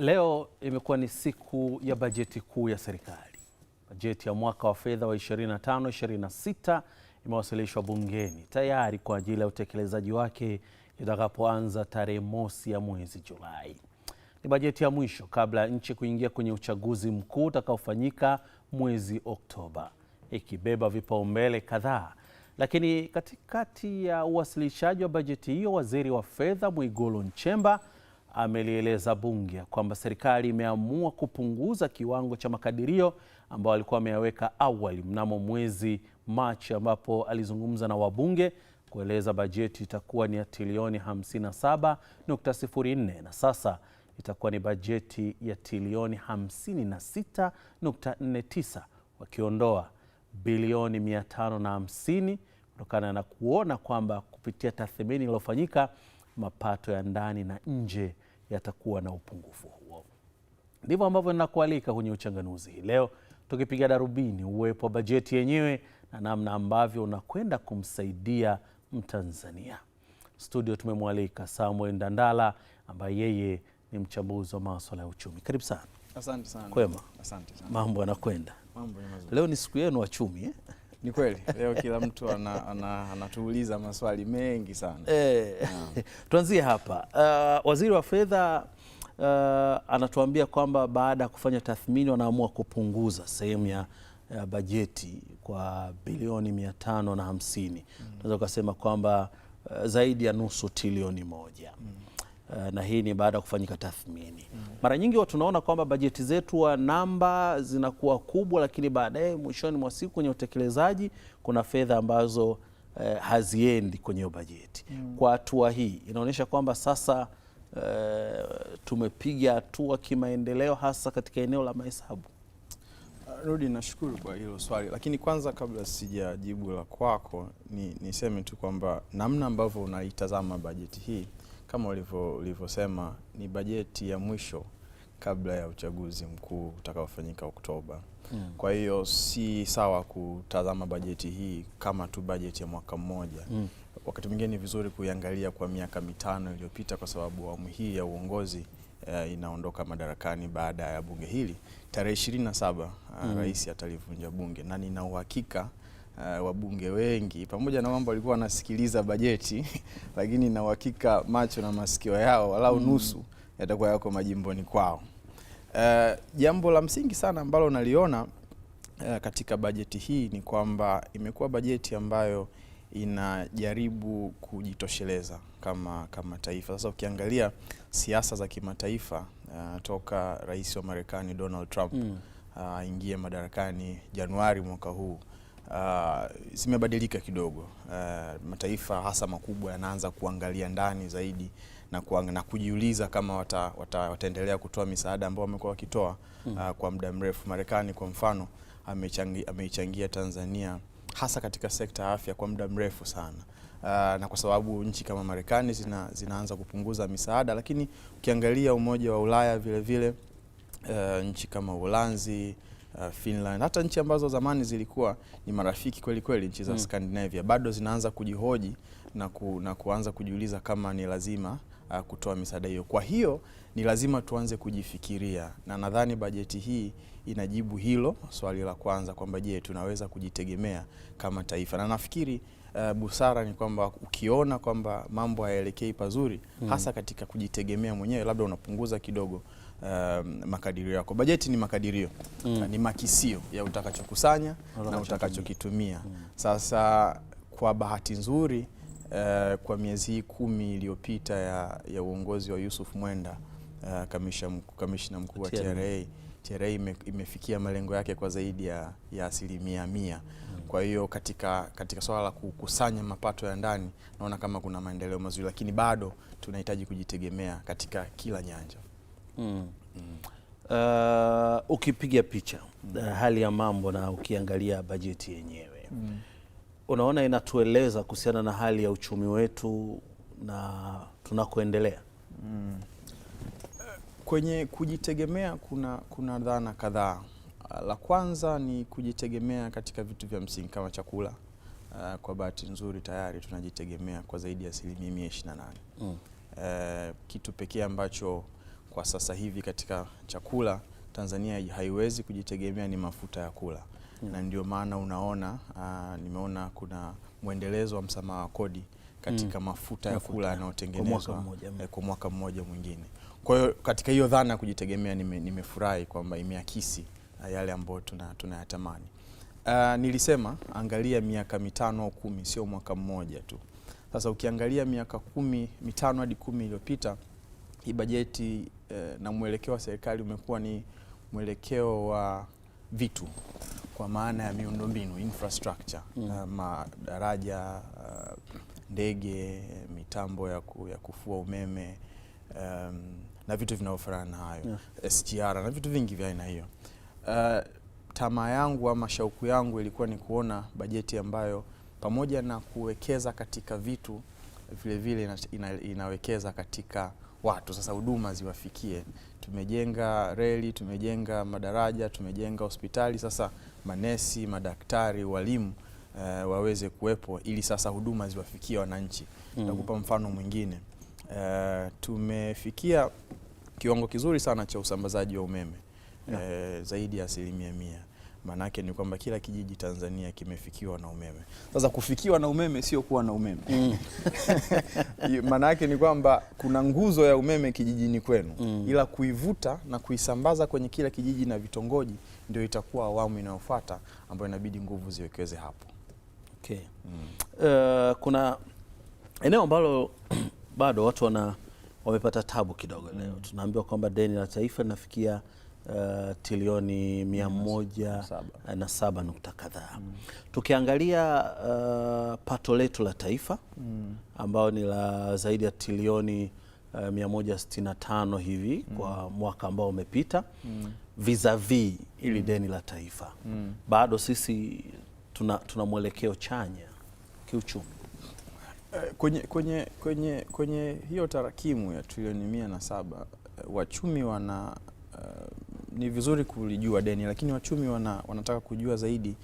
Leo imekuwa ni siku ya bajeti kuu ya serikali. Bajeti ya mwaka wa fedha wa 25 26 imewasilishwa bungeni tayari kwa ajili ya utekelezaji wake itakapoanza tarehe mosi ya mwezi Julai. Ni bajeti ya mwisho kabla ya nchi kuingia kwenye uchaguzi mkuu utakaofanyika mwezi Oktoba, ikibeba vipaumbele kadhaa. Lakini katikati ya uwasilishaji wa bajeti hiyo, waziri wa fedha Mwigulu Nchemba amelieleza bunge kwamba serikali imeamua kupunguza kiwango cha makadirio ambayo alikuwa ameyaweka awali mnamo mwezi Machi, ambapo alizungumza na wabunge kueleza bajeti itakuwa ni ya trilioni 57.04 na sasa itakuwa ni bajeti ya trilioni 56.49, wakiondoa bilioni 550 kutokana na kuona kwamba kupitia tathmini iliyofanyika mapato ya ndani na nje yatakuwa na upungufu huo. Ndivyo ambavyo ninakualika kwenye Uchanganuzi hii leo, tukipiga darubini uwepo wa bajeti yenyewe na namna ambavyo unakwenda kumsaidia Mtanzania. Studio tumemwalika Samuel Ndandala ambaye yeye ni mchambuzi wa maswala ya uchumi. Karibu sana. Asante sana. Kwema. Asante sana. Mambo yanakwenda. Mambo ni mazuri. Leo ni siku yenu wachumi eh? Ni kweli leo kila mtu anatuuliza ana, ana maswali mengi sana e, yeah. Tuanzie hapa uh, waziri wa fedha uh, anatuambia kwamba baada ya kufanya tathmini wanaamua kupunguza sehemu ya uh, bajeti kwa bilioni mia tano na hamsini. Unaweza mm. ukasema kwamba uh, zaidi ya nusu trilioni moja mm. Eh, na hii ni baada ya kufanyika tathmini. mm -hmm. Mara nyingi tunaona kwamba bajeti zetu wa namba zinakuwa kubwa, lakini baadaye mwishoni mwa siku kwenye utekelezaji kuna fedha ambazo eh, haziendi kwenye bajeti. mm -hmm. Kwa hatua hii inaonyesha kwamba sasa eh, tumepiga hatua kimaendeleo hasa katika eneo la mahesabu. Ah, Rudi, nashukuru kwa hilo swali, lakini kwanza kabla sijajibu la kwako, niseme tu kwamba namna ambavyo unaitazama bajeti hii kama ulivyosema ni bajeti ya mwisho kabla ya uchaguzi mkuu utakaofanyika Oktoba. Mm. Kwa hiyo si sawa kutazama bajeti hii kama tu bajeti ya mwaka mmoja. Mm. Wakati mwingine ni vizuri kuiangalia kwa miaka mitano iliyopita, kwa sababu awamu hii ya uongozi uh, inaondoka madarakani baada ya bunge hili tarehe 27. Ah, mm. rais atalivunja bunge na nina uhakika uh, wabunge wengi pamoja na kwamba walikuwa wanasikiliza bajeti lakini na uhakika macho na masikio yao walau mm. nusu yatakuwa yako majimboni kwao. Uh, jambo la msingi sana ambalo naliona uh, katika bajeti hii ni kwamba imekuwa bajeti ambayo inajaribu kujitosheleza kama, kama taifa. Sasa ukiangalia siasa za kimataifa uh, toka rais wa Marekani Donald Trump mm. uh, aingie madarakani Januari mwaka huu uh, zimebadilika kidogo. Uh, mataifa hasa makubwa yanaanza kuangalia ndani zaidi na, kuang na kujiuliza kama wata, wata, wataendelea kutoa misaada ambao wamekuwa wakitoa hmm. uh, kwa muda mrefu. Marekani kwa mfano ameichangia Tanzania hasa katika sekta ya afya kwa muda mrefu sana. Uh, na kwa sababu nchi kama Marekani zina, zinaanza kupunguza misaada, lakini ukiangalia Umoja wa Ulaya vilevile vile, uh, nchi kama Uholanzi Uh, Finland, hata nchi ambazo zamani zilikuwa ni marafiki kweli kweli, nchi za mm. Scandinavia bado zinaanza kujihoji na, ku, na kuanza kujiuliza kama ni lazima uh, kutoa misaada hiyo. Kwa hiyo ni lazima tuanze kujifikiria, na nadhani bajeti hii inajibu hilo swali la kwanza kwamba je, tunaweza kujitegemea kama taifa, na nafikiri Uh, busara ni kwamba ukiona kwamba mambo hayaelekei pazuri, hmm, hasa katika kujitegemea mwenyewe, labda unapunguza kidogo uh, makadirio yako. Bajeti ni makadirio mm. ni makisio ya utakachokusanya na utakachokitumia mm. Sasa kwa bahati nzuri uh, kwa miezi hii kumi iliyopita ya, ya uongozi wa Yusuf Mwenda uh, kamishna mkuu wa TRA TRA ime, imefikia malengo yake kwa zaidi ya, ya asilimia mia. Mm. Kwa hiyo katika, katika swala la kukusanya mapato ya ndani naona kama kuna maendeleo mazuri, lakini bado tunahitaji kujitegemea katika kila nyanja mm. Uh, ukipiga picha mm. hali ya mambo na ukiangalia bajeti yenyewe mm. unaona inatueleza kuhusiana na hali ya uchumi wetu na tunakoendelea mm. Kwenye kujitegemea kuna, kuna dhana kadhaa. La kwanza ni kujitegemea katika vitu vya msingi kama chakula. Kwa bahati nzuri tayari tunajitegemea kwa zaidi ya asilimia mia ishirini na nane mm. kitu pekee ambacho kwa sasa hivi katika chakula Tanzania haiwezi kujitegemea ni mafuta ya kula yeah. Na ndio maana unaona aa, ah, nimeona kuna mwendelezo wa msamaha wa kodi katika mm. mafuta ya kula yanayotengenezwa mm. eh, kwa mwaka mmoja mwingine. Kwa hiyo katika hiyo dhana ya kujitegemea nimefurahi nime kwamba imeakisi ah, yale ambayo tunayatamani. Tuna uh, nilisema angalia miaka mitano au kumi, sio mwaka mmoja tu. Sasa ukiangalia miaka kumi mitano hadi kumi iliyopita hii bajeti Eh, na mwelekeo wa serikali umekuwa ni mwelekeo wa vitu kwa maana ya miundombinu infrastructure, mm. Eh, madaraja, eh, ndege, mitambo ya, ku, ya kufua umeme um, na vitu vinavyofanana na hayo yeah. SGR na vitu vingi vya aina hiyo. Uh, tamaa yangu ama shauku yangu ilikuwa ni kuona bajeti ambayo pamoja na kuwekeza katika vitu vilevile vile ina, ina, inawekeza katika watu, sasa huduma ziwafikie. Tumejenga reli, tumejenga madaraja, tumejenga hospitali, sasa manesi, madaktari, walimu uh, waweze kuwepo ili sasa huduma ziwafikie wananchi. Nitakupa mm mfano mwingine uh, tumefikia kiwango kizuri sana cha usambazaji wa umeme yeah. uh, zaidi ya asilimia mia maanake ni kwamba kila kijiji Tanzania kimefikiwa na umeme. Sasa kufikiwa na umeme sio kuwa na umeme mm. maanake ni kwamba kuna nguzo ya umeme kijijini kwenu mm. ila kuivuta na kuisambaza kwenye kila kijiji na vitongoji ndio itakuwa awamu inayofuata ambayo inabidi nguvu ziwekeze hapo. Okay. Mm. Uh, kuna eneo ambalo bado watu wana wamepata tabu kidogo leo mm. tunaambiwa kwamba deni la taifa linafikia Eh, trilioni mia moja na saba nukta kadhaa mm. Tukiangalia uh, pato letu la taifa mm. ambayo ni la zaidi ya trilioni uh, eh, tano hivi mm. kwa mwaka ambao umepita mm. vizavi ili mm. deni la taifa mm. bado sisi tuna, tuna mwelekeo chanya kiuchumi kwenye, kwenye, kwenye, kwenye hiyo tarakimu ya trilioni mia na saba wachumi wana uh, ni vizuri kulijua deni, lakini wachumi wana, wanataka kujua zaidi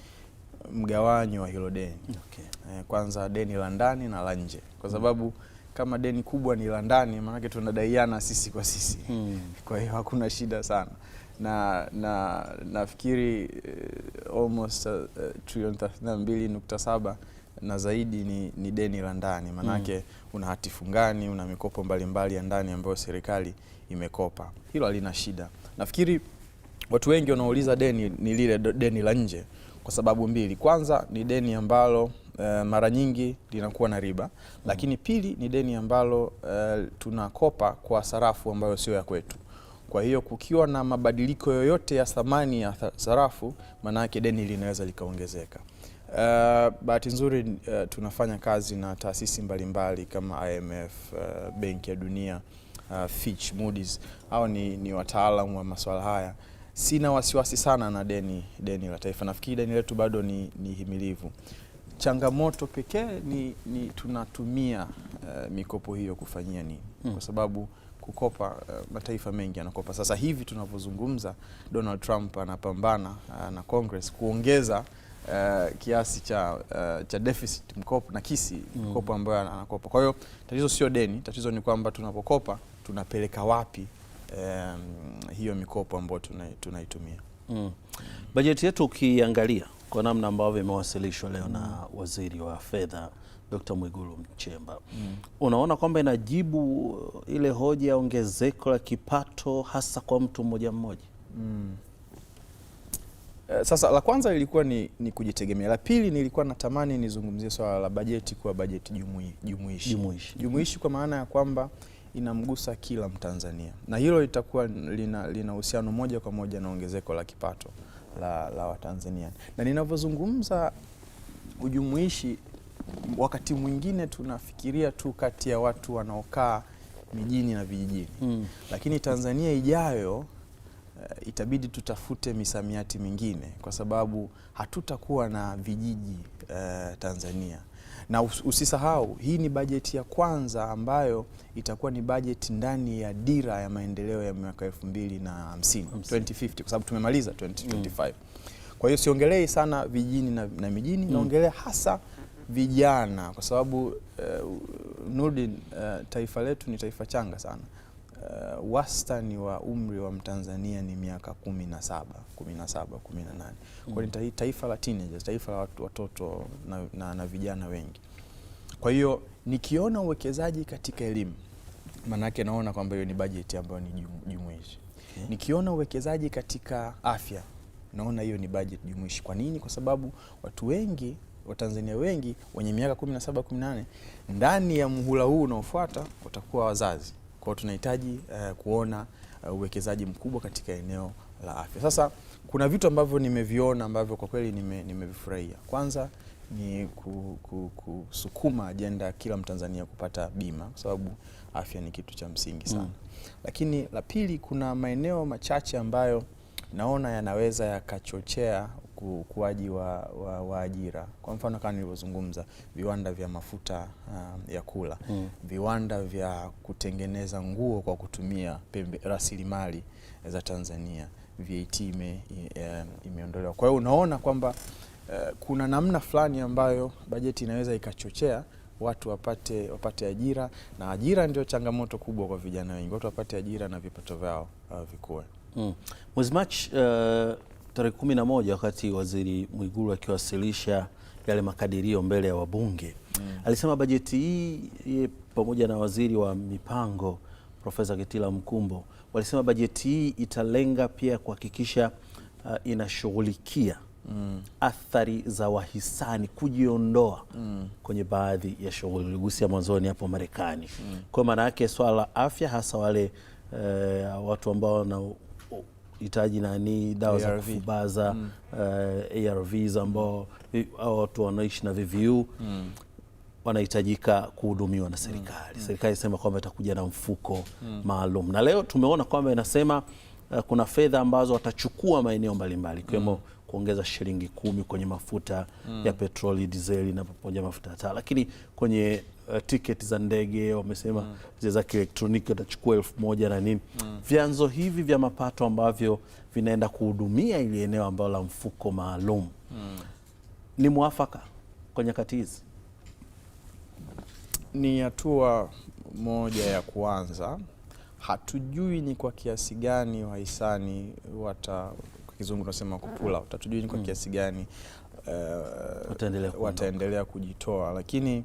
mgawanyo wa hilo deni okay. Eh, kwanza deni la ndani na la nje, kwa sababu kama deni kubwa ni la ndani, maanake tunadaiana sisi kwa sisi hmm. Kwa hiyo hakuna shida sana na na nafikiri uh, almost uh, trilioni thelathini na mbili nukta saba na zaidi ni, ni deni la ndani maanake mm. una hati fungani, una mikopo mbalimbali ya ndani ambayo serikali imekopa, hilo halina shida nafikiri watu wengi wanauliza deni ni lile deni la nje kwa sababu mbili. Kwanza ni deni ambalo uh, mara nyingi linakuwa na riba, lakini mm. pili ni deni ambalo uh, tunakopa kwa sarafu ambayo sio ya kwetu. Kwa hiyo kukiwa na mabadiliko yoyote ya thamani ya sarafu, maana yake deni linaweza likaongezeka. Uh, bahati nzuri uh, tunafanya kazi na taasisi mbalimbali kama IMF, uh, Benki ya Dunia, uh, Fitch, Moody's. Hao ni, ni wataalamu wa masuala haya sina wasiwasi sana na deni deni la taifa. Nafikiri deni letu bado ni, ni himilivu. Changamoto pekee ni, ni tunatumia uh, mikopo hiyo kufanyia nini? hmm. kwa sababu kukopa uh, mataifa mengi yanakopa. Sasa hivi tunavyozungumza, Donald Trump anapambana uh, na Congress kuongeza uh, kiasi cha, uh, cha deficit mkopo na kisi hmm. mkopo ambayo anakopa. Kwa hiyo tatizo sio deni, tatizo ni kwamba tunapokopa tunapeleka wapi um, hiyo mikopo ambayo tunaitumia. Mm. Bajeti yetu ukiangalia kwa namna ambavyo imewasilishwa leo mm. na Waziri wa Fedha Dr. Mwigulu Nchemba mm. unaona kwamba inajibu uh, ile hoja ya ongezeko la kipato hasa kwa mtu mmoja mmoja mm. Eh, sasa la kwanza ilikuwa ni, ni kujitegemea. La pili nilikuwa natamani nizungumzie swala la bajeti kuwa bajeti jumuishi jumuishi, jumuishi kwa maana ya kwamba inamgusa kila Mtanzania, na hilo litakuwa lina uhusiano moja kwa moja na ongezeko la kipato la, la Watanzania. Na ninavyozungumza ujumuishi, wakati mwingine tunafikiria tu kati ya watu wanaokaa mijini na vijijini hmm. Lakini Tanzania ijayo uh, itabidi tutafute misamiati mingine kwa sababu hatutakuwa na vijiji uh, Tanzania na usisahau, hii ni bajeti ya kwanza ambayo itakuwa ni bajeti ndani ya dira ya maendeleo ya mwaka 2050 2050, kwa sababu tumemaliza 2025. Mm. Kwa hiyo siongelei sana vijini na, na mijini mm. naongelea hasa vijana kwa sababu uh, Nurdin, uh, taifa letu ni taifa changa sana uh, wastani wa umri wa Mtanzania ni miaka kumi na saba kumi na saba kumi na nane kwa hiyo ni taifa la teenagers, taifa la watoto na, na, na vijana wengi. Kwa hiyo nikiona uwekezaji katika elimu, maanake naona kwamba hiyo ni bajeti ambayo ni jumuishi. Hmm. Nikiona uwekezaji katika afya, naona hiyo ni bajeti jumuishi. Kwa nini? Kwa sababu watu wengi Watanzania wengi wenye miaka 17 nane ndani ya muhula huu unaofuata watakuwa wazazi. Kwa tunahitaji uh, kuona eh, uwekezaji mkubwa katika eneo la afya. Sasa kuna vitu ambavyo nimeviona ambavyo kwa kweli nimevifurahia. Nime kwanza ni kusukuma ku, ku, ajenda kila Mtanzania kupata bima kwa sababu afya ni kitu cha msingi sana mm. Lakini la pili, kuna maeneo machache ambayo naona yanaweza yakachochea ukuaji wa, wa, wa ajira. Kwa mfano kama nilivyozungumza, viwanda vya mafuta uh, ya kula mm. viwanda vya kutengeneza nguo kwa kutumia pembe rasilimali za Tanzania, VAT ime, uh, imeondolewa. Kwa hiyo unaona kwamba uh, kuna namna fulani ambayo bajeti inaweza ikachochea watu wapate wapate ajira, na ajira ndio changamoto kubwa kwa vijana wengi, watu wapate ajira na vipato vyao uh, vikue. Mm. Mwezi Machi uh, tarehe 11 wakati Waziri Mwigulu akiwasilisha yale makadirio mbele ya wabunge mm. alisema bajeti hii ye pamoja na waziri wa mipango Profesa Kitila Mkumbo walisema bajeti hii italenga pia kuhakikisha uh, inashughulikia mm. athari za wahisani kujiondoa mm. kwenye baadhi ya shughuli uligusia mwanzoni hapo Marekani mm. kwa maana yake swala la afya hasa wale uh, watu ambao wana hitaji nani dawa za kufubaza mm. uh, eh, ARVs ambao hao watu wanaishi na VVU mm. wanahitajika kuhudumiwa na mm. serikali mm. serikali inasema kwamba itakuja na mfuko mm. maalum, na leo tumeona kwamba inasema uh, kuna fedha ambazo watachukua maeneo mbalimbali ikiwemo mm. kuongeza shilingi kumi kwenye mafuta mm. ya petroli, dizeli na pamoja mafuta ya taa, lakini kwenye uh, eh, tiketi za ndege wamesema mm. zile za kielektroniki watachukua elfu moja na nini mm. vyanzo hivi vya mapato ambavyo vinaenda kuhudumia ili eneo ambalo la mfuko maalum mm. ni mwafaka kwa nyakati hizi? Ni hatua moja ya kuanza. Hatujui ni kwa kiasi gani wahisani wata kizungu tunasema kupula, hatujui ni kwa mm. kiasi gani uh, wataendelea kujitoa lakini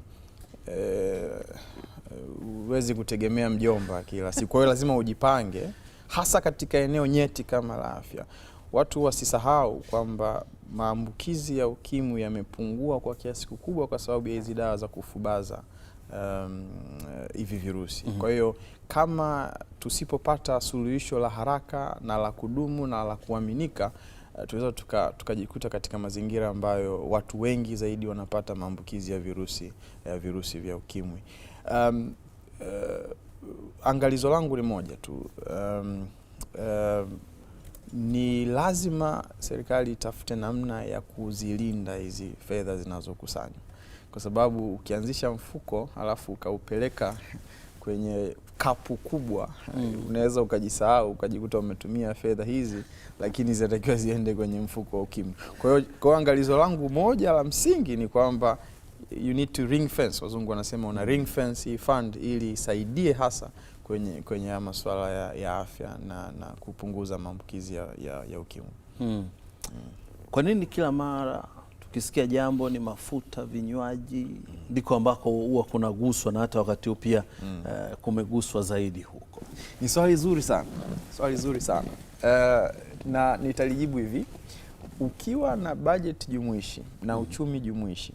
huwezi e, kutegemea mjomba kila siku. Kwa hiyo lazima ujipange, hasa katika eneo nyeti kama la afya. Watu wasisahau kwamba maambukizi ya ukimwi yamepungua kwa kiasi kikubwa kwa sababu ya hizi dawa za kufubaza um, hivi um, virusi. Mm -hmm. Kwa hiyo kama tusipopata suluhisho la haraka na la kudumu na la kuaminika Eh, tunaweza tukajikuta tuka katika mazingira ambayo watu wengi zaidi wanapata maambukizi ya virusi, ya virusi vya ukimwi. Um, uh, angalizo langu ni moja tu um, um, ni lazima serikali itafute namna ya kuzilinda hizi fedha zinazokusanywa, kwa sababu ukianzisha mfuko halafu ukaupeleka kwenye kapu kubwa mm. Unaweza ukajisahau ukajikuta umetumia fedha hizi, lakini zinatakiwa ziende kwenye mfuko wa UKIMWI. Kwa hiyo kwa angalizo langu moja la msingi ni kwamba you need to ring fence, wazungu wanasema una ring fence hii fund ili isaidie hasa kwenye kwenye ya masuala ya, ya afya na, na kupunguza maambukizi ya, ya, ya UKIMWI mm. mm. Kwa nini kila mara ukisikia jambo ni mafuta, vinywaji, ndiko ambako huwa kunaguswa na hata wakati huu pia mm. uh, kumeguswa zaidi huko. Ni swali zuri sana, swali zuri sana uh, na nitalijibu hivi. Ukiwa na bajeti jumuishi na mm. uchumi jumuishi,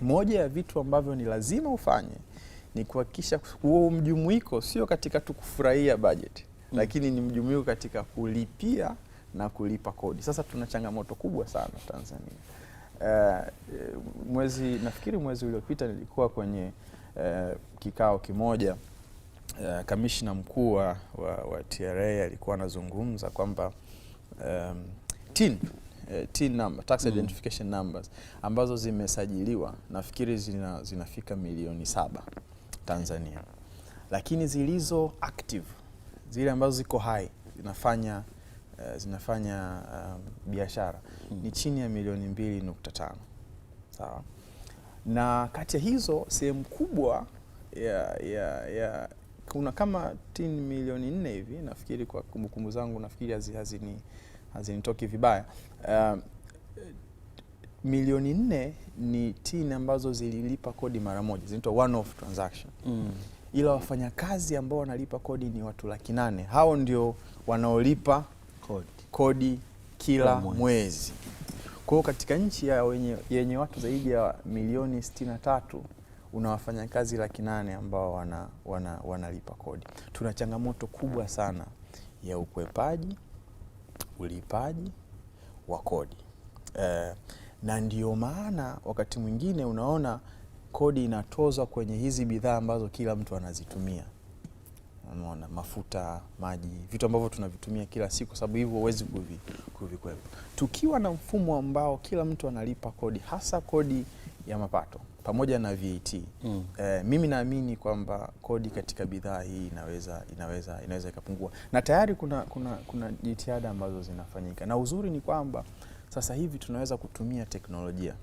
moja ya vitu ambavyo ni lazima ufanye ni kuhakikisha huo mjumuiko sio katika tu kufurahia bajeti mm. lakini ni mjumuiko katika kulipia na kulipa kodi. Sasa tuna changamoto kubwa sana Tanzania uh, mwezi nafikiri mwezi uliopita nilikuwa kwenye uh, kikao kimoja uh, kamishna mkuu wa, wa TRA alikuwa anazungumza kwamba um, TIN TIN number, tax mm. identification numbers ambazo zimesajiliwa nafikiri zina, zinafika milioni saba Tanzania, lakini zilizo active zile ambazo ziko hai zinafanya Eh, zinafanya uh, biashara hmm. ni chini ya milioni mbili nukta tano sawa, na kati ya hizo sehemu kubwa ya, ya, ya kuna kama tin milioni nne hivi nafikiri, kwa kumbukumbu zangu nafikiri hazinitoki hazi hazini vibaya uh, milioni nne ni tin ambazo zililipa kodi mara moja zinaitwa one off transaction mm. ila wafanyakazi ambao wanalipa kodi ni watu laki nane hao ndio wanaolipa kodi, kodi kila mwezi, mwezi. Kwa hiyo katika nchi ya wenye, yenye watu zaidi ya milioni sitini na tatu una wafanyakazi laki nane ambao wanalipa wana, wana kodi. Tuna changamoto kubwa sana ya ukwepaji, ulipaji wa kodi eh, na ndiyo maana wakati mwingine unaona kodi inatozwa kwenye hizi bidhaa ambazo kila mtu anazitumia unaona, mafuta, maji, vitu ambavyo tunavitumia kila siku, sababu hivyo huwezi kuvikwepa. Tukiwa na mfumo ambao kila mtu analipa kodi, hasa kodi ya mapato pamoja na VAT mm. Eh, mimi naamini kwamba kodi katika bidhaa hii inaweza inaweza inaweza ikapungua, na tayari kuna, kuna, kuna jitihada ambazo zinafanyika, na uzuri ni kwamba sasa hivi tunaweza kutumia teknolojia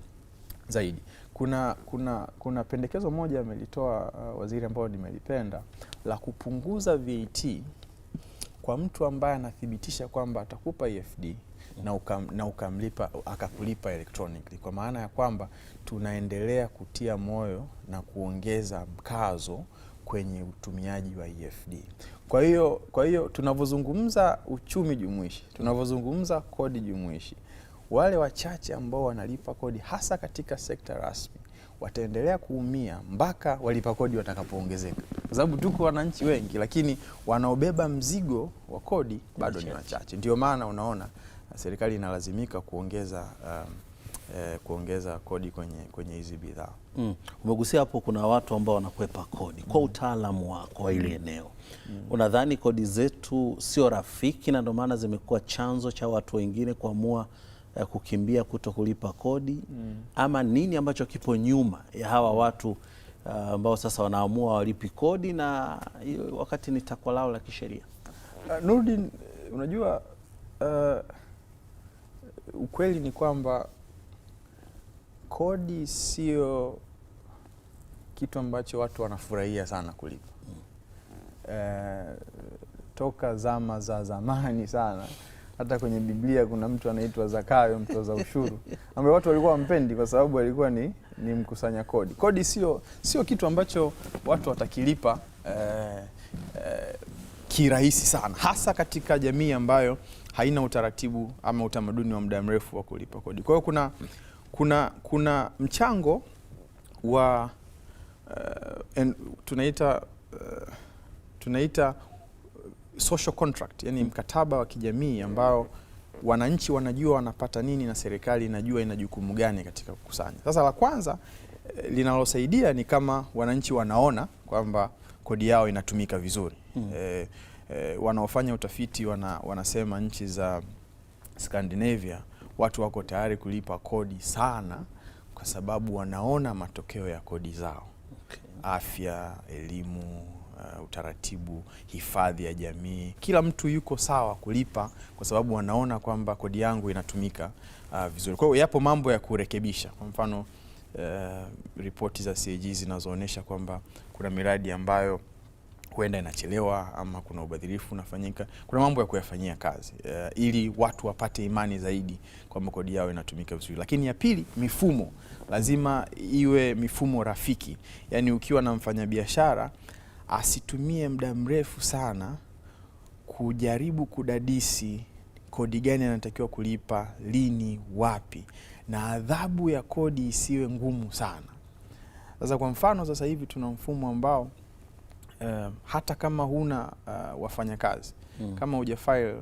zaidi. Kuna, kuna, kuna pendekezo moja amelitoa uh, waziri ambayo nimelipenda la kupunguza VAT e kwa mtu ambaye anathibitisha kwamba atakupa EFD na, ukam, na ukamlipa akakulipa electronically, kwa maana ya kwamba tunaendelea kutia moyo na kuongeza mkazo kwenye utumiaji wa EFD. Kwa hiyo kwa hiyo tunavyozungumza uchumi jumuishi, tunavyozungumza kodi jumuishi, wale wachache ambao wanalipa kodi hasa katika sekta rasmi wataendelea kuumia mpaka walipa kodi watakapoongezeka, kwa sababu tuko wananchi wengi, lakini wanaobeba mzigo wa kodi bado ni wachache. Ndio maana unaona eh, serikali inalazimika kuongeza um, eh, kuongeza kodi kwenye kwenye hizi bidhaa mm. Umegusia hapo, kuna watu ambao wanakwepa kodi kwa mm. utaalamu wako wa ile mm. eneo mm. unadhani kodi zetu sio rafiki na ndio maana zimekuwa chanzo cha watu wengine kuamua Eh, kukimbia kuto kulipa kodi mm. ama nini ambacho kipo nyuma ya hawa watu eh, ambao uh, sasa wanaamua walipi kodi na wakati ni takwa lao la kisheria. Uh, ah, Nurdin, unajua uh, ukweli ni kwamba kodi sio kitu ambacho watu wanafurahia sana kulipa mm. uh, toka zama za zamani sana hata kwenye Biblia kuna mtu anaitwa Zakayo mtoza ushuru, ambaye watu walikuwa wampendi kwa sababu alikuwa ni, ni mkusanya kodi. Kodi sio sio kitu ambacho watu watakilipa eh, eh, kirahisi sana, hasa katika jamii ambayo haina utaratibu ama utamaduni wa muda mrefu wa kulipa kodi. Kwa hiyo kuna, kuna, kuna mchango wa uh, en, tunaita uh, tunaita social contract, yani mkataba wa kijamii ambao wananchi wanajua wanapata nini na serikali inajua ina jukumu gani katika kukusanya. Sasa la kwanza eh, linalosaidia ni kama wananchi wanaona kwamba kodi yao inatumika vizuri. Hmm. E, e, wanaofanya utafiti wana, wanasema nchi za Scandinavia watu wako tayari kulipa kodi sana kwa sababu wanaona matokeo ya kodi zao. Okay. Afya, elimu uh, utaratibu, hifadhi ya jamii, kila mtu yuko sawa kulipa kwa sababu wanaona kwamba kodi yangu inatumika uh, vizuri. Kwa hiyo yapo mambo ya kurekebisha, kwa mfano uh, ripoti za CAG zinazoonyesha kwamba kuna miradi ambayo huenda inachelewa ama kuna ubadhirifu unafanyika. Kuna mambo ya kuyafanyia kazi uh, ili watu wapate imani zaidi kwamba kodi yao inatumika vizuri. Lakini ya pili, mifumo lazima iwe mifumo rafiki, yaani ukiwa na mfanyabiashara asitumie muda mrefu sana kujaribu kudadisi kodi gani anatakiwa kulipa lini, wapi, na adhabu ya kodi isiwe ngumu sana. Sasa kwa mfano, sasa hivi tuna mfumo ambao Uh, hata kama huna uh, wafanyakazi mm. Kama uja uh, eh,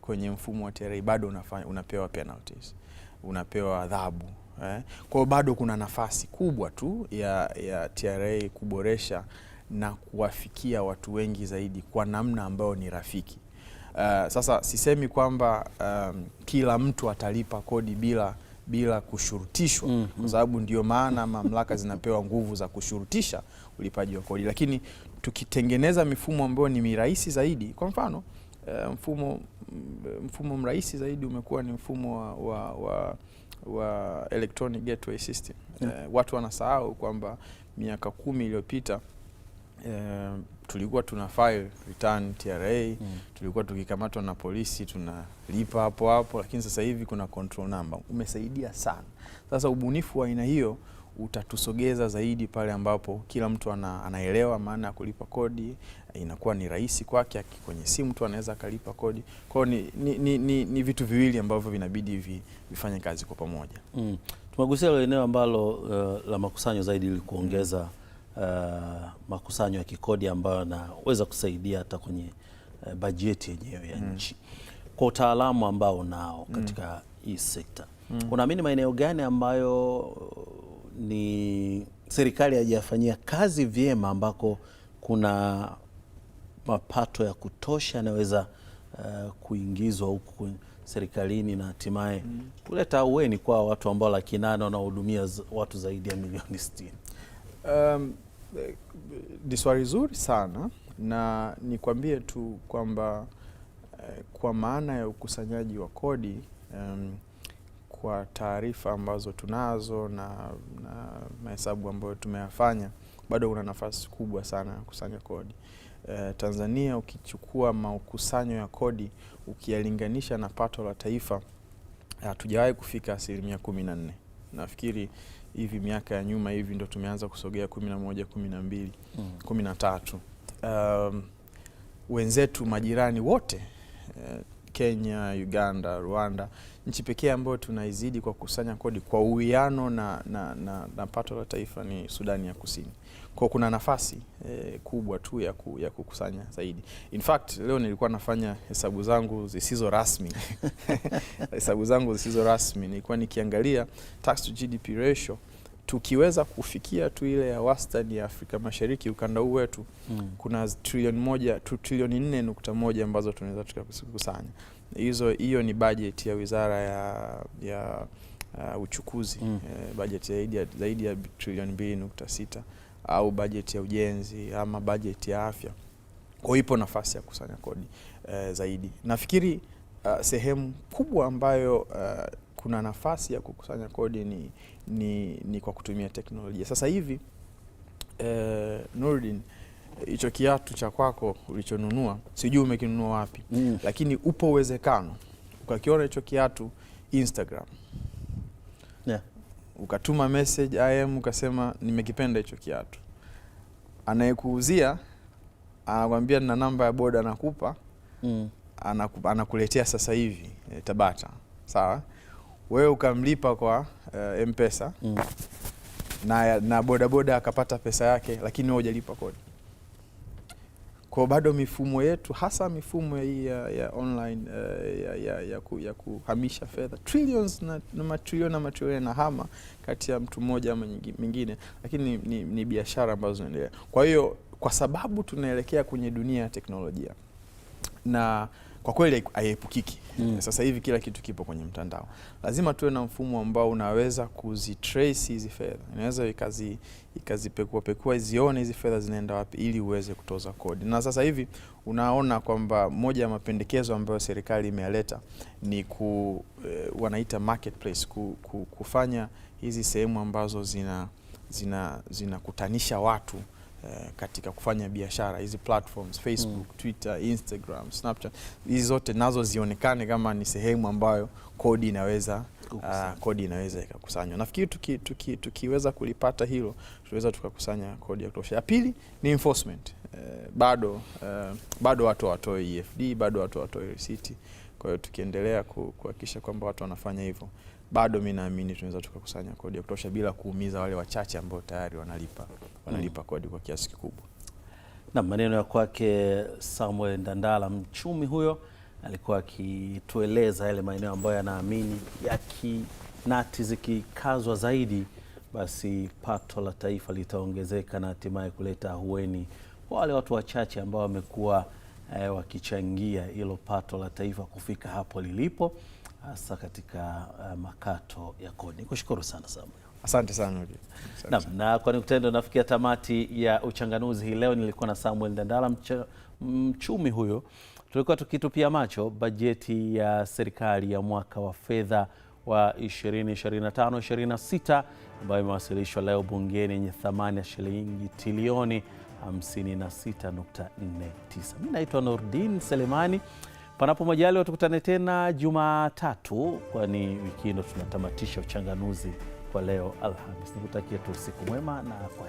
kwenye mfumo wa TRA bado unapewa penalties, unapewa adhabu eh. Kwa hiyo bado kuna nafasi kubwa tu ya, ya TRA kuboresha na kuwafikia watu wengi zaidi kwa namna ambayo ni rafiki. Uh, sasa sisemi kwamba um, kila mtu atalipa kodi bila bila kushurutishwa mm -hmm. Kwa sababu ndio maana mamlaka zinapewa nguvu za kushurutisha ulipaji wa kodi, lakini tukitengeneza mifumo ambayo ni mirahisi zaidi, kwa mfano uh, mfumo mfumo mrahisi zaidi umekuwa ni mfumo wa, wa, wa wa electronic gateway system yeah. Mm. Uh, watu wanasahau kwamba miaka kumi iliyopita uh, tulikuwa tuna file return TRA mm. tulikuwa tukikamatwa na polisi tunalipa hapo hapo, lakini sasa hivi kuna control number. Umesaidia sana. Sasa ubunifu wa aina hiyo utatusogeza zaidi pale ambapo kila mtu ana, anaelewa maana ya kulipa kodi, inakuwa ni rahisi kwake, kwenye simu tu anaweza akalipa kodi. Kwa hiyo ni, ni, ni, ni, ni vitu viwili ambavyo vinabidi vi, vifanye kazi kwa pamoja mm. Tumegusia ile eneo ambalo uh, la makusanyo zaidi ili kuongeza uh, makusanyo ya kikodi ambayo yanaweza kusaidia hata kwenye uh, bajeti yenyewe ya mm. nchi kwa utaalamu ambao nao mm. katika mm. hii sekta mm. unaamini maeneo gani ambayo ni serikali haijafanyia kazi vyema ambako kuna mapato ya kutosha yanaweza uh, kuingizwa huku serikalini na hatimaye mm. kuleta ahueni kwa watu ambao laki nane wanaohudumia watu zaidi ya milioni sitini. Um, ni swali zuri sana na nikwambie tu kwamba eh, kwa maana ya ukusanyaji wa kodi um, kwa taarifa ambazo tunazo na, na mahesabu ambayo tumeyafanya, bado una nafasi kubwa sana ya kusanya kodi. Eh, Tanzania ukichukua makusanyo ya kodi ukiyalinganisha na pato la taifa hatujawahi kufika asilimia kumi na nne. Nafikiri hivi miaka ya nyuma hivi ndo tumeanza kusogea kumi na moja, kumi na mbili, mm. kumi na tatu. Um, wenzetu majirani wote e, Kenya, Uganda, Rwanda, nchi pekee ambayo tunaizidi kwa kukusanya kodi kwa uwiano na, na, na, na pato la taifa ni Sudani ya Kusini. Kwa kuna nafasi eh, kubwa tu ya, ku, ya kukusanya zaidi. In fact, leo nilikuwa nafanya hesabu zangu zisizo rasmi hesabu zangu zisizo rasmi nilikuwa nikiangalia tax to GDP ratio tukiweza kufikia tu ile ya wastani ya Afrika Mashariki, ukanda huu wetu mm. kuna trilioni moja tu trilioni nne nukta moja ambazo tunaweza tukakusanya hizo. Hiyo ni bajeti ya wizara ya, ya uh, uchukuzi mm. eh, bajeti zaidi ya trilioni mbili nukta sita au bajeti ya ujenzi ama bajeti ya afya. Kwa ipo nafasi ya kusanya kodi eh, zaidi. Nafikiri uh, sehemu kubwa ambayo uh, kuna nafasi ya kukusanya kodi ni, ni, ni kwa kutumia teknolojia. Sasa hivi eh, Nurdin hicho kiatu cha kwako ulichonunua sijui umekinunua wapi mm. Lakini upo uwezekano ukakiona hicho kiatu Instagram yeah. Ukatuma message IM ukasema nimekipenda hicho kiatu, anayekuuzia anakwambia na namba ya boda anakupa mm. Anaku, anakuletea sasa hivi eh, Tabata sawa wewe ukamlipa kwa uh, Mpesa mm. na, na bodaboda akapata pesa yake, lakini wewe hujalipa kodi. Kwa bado mifumo yetu hasa mifumo hii ya, ya online uh, ya, ya, ya, ku, ya kuhamisha fedha trillions na, na matrilioni na matrilioni na hama kati ya mtu mmoja ama mingine lakini ni, ni, ni biashara ambazo zinaendelea. Kwa hiyo kwa sababu tunaelekea kwenye dunia ya teknolojia na kwa kweli haiepukiki. Mm. Sasa hivi kila kitu kipo kwenye mtandao, lazima tuwe na mfumo ambao unaweza kuzitrace hizi fedha, inaweza ikazi ikazipekua pekua zione hizi fedha zinaenda wapi, ili uweze kutoza kodi. Na sasa hivi unaona kwamba moja ya mapendekezo ambayo serikali imeyaleta ni ku eh, wanaita marketplace ku, ku, kufanya hizi sehemu ambazo zinakutanisha zina watu Eh, katika kufanya biashara hizi platforms hmm. Facebook, mm. Twitter, Instagram, Snapchat, hizi zote nazo zionekane kama ni sehemu ambayo kodi inaweza uh, kodi inaweza ikakusanywa. Nafikiri tuki, tuki, tukiweza kulipata hilo tunaweza tukakusanya kodi ya kutosha. Ya pili ni enforcement Eh, bado eh, bado watu hawatoi EFD, bado watu hawatoi risiti. Kwa hiyo tukiendelea kuhakikisha kwamba watu wanafanya hivyo, bado mi naamini tunaweza tukakusanya kodi ya kutosha bila kuumiza wale wachache ambao tayari wanalipa wanalipa mm. kodi kwa kiasi kikubwa. Na maneno ya kwake Samuel Ndandala, mchumi huyo, alikuwa akitueleza yale maeneo ambayo yanaamini yakinati zikikazwa zaidi, basi pato la taifa litaongezeka na hatimaye kuleta ahueni wale watu wachache ambao wamekuwa eh, wakichangia hilo pato la taifa kufika hapo lilipo hasa katika uh, makato ya kodi. Nikushukuru sana Samuel. Asante sana. sana. na kwa nikutendo nafikia tamati ya uchanganuzi hii leo. Nilikuwa na Samuel Ndandala, mchumi huyo. Tulikuwa tukitupia macho bajeti ya serikali ya mwaka wa fedha wa 2025/26 ambayo imewasilishwa leo bungeni yenye thamani ya shilingi trilioni 56.49. Mi naitwa Nordin Selemani. Panapo majaliwa watukutane tena Jumatatu, kwani wiki ndo tunatamatisha uchanganuzi kwa leo Alhamis. Nikutakie tu usiku mwema na kwa